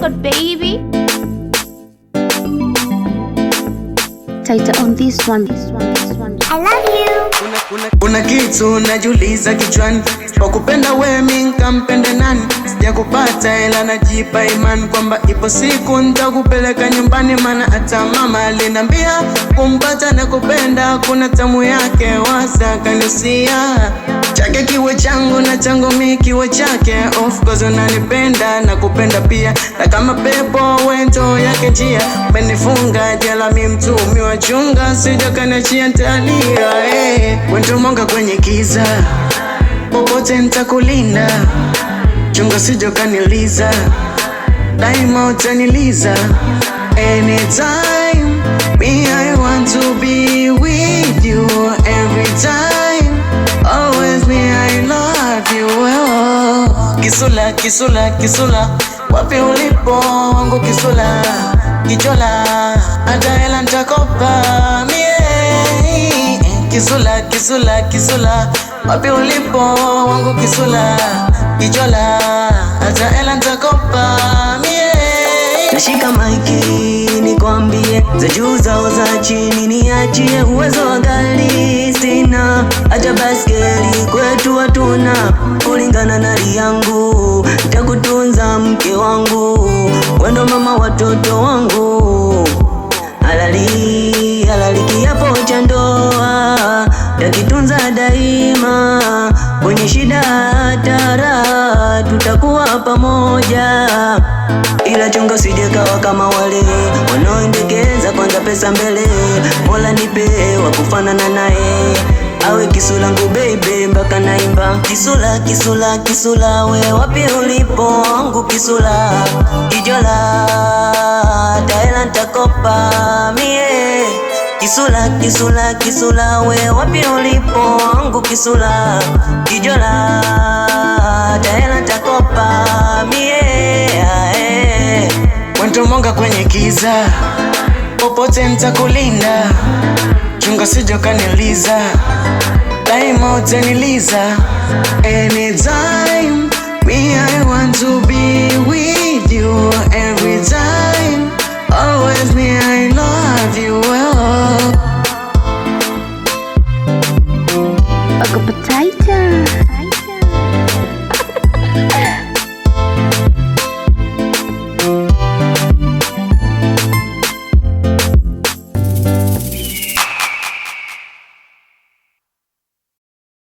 record, baby. Tighter on this one. This one. This one. I love you. Una, una, una kitu kupenda we mi nani? Sijakupata ila najipa imani kwamba ipo siku nitakupeleka nyumbani, mana hata mama aliniambia kumpata na kupenda kuna tamu yake, wasa kanisia chake kiwe changu na changu mi kiwe chake. Of course unanipenda na kupenda pia, na kama pepo wento yake njia menifunga jela, mi mtumi wa chunga sijakana chia ntalia, hey, eh. mwanga kwenye kiza popote chungo sijo kaniliza, daima utaniliza. Anytime me I want to be with you every time, always me I love you. Oh. Kisula, kisula, kisula, wapi ulipo wangu kisula, kichola, hata hela ntakopa mie, eh, kisula, kisula, kisula wapi ulipo wangu kisula kijola, hata hela nitakopa mie. Nashika maiki nikwambie, za juu zao za chini niachie, uwezo wa gari sina, aja baskeli kwetu hatuna, kulingana na hali yangu mke wangu, wendo mama watoto wangu yatima, kwenye shida hatara, tutakuwa pamoja, ila chunga usijekawa kama wale wanaoendekeza kwanza pesa mbele. Mola nipe wa kufanana naye awe kisula ngu baby, mpaka naimba kisula kisula kisula, we wapi ulipo wangu kisula, kijola taela ntakopa mie kisula kisula kisula, we wapi ulipo kisula kijola taela takopa mie ae wento monga kwenye kiza popote ntakulinda chunga sijokaniliza daima utaniliza anytime me I want to be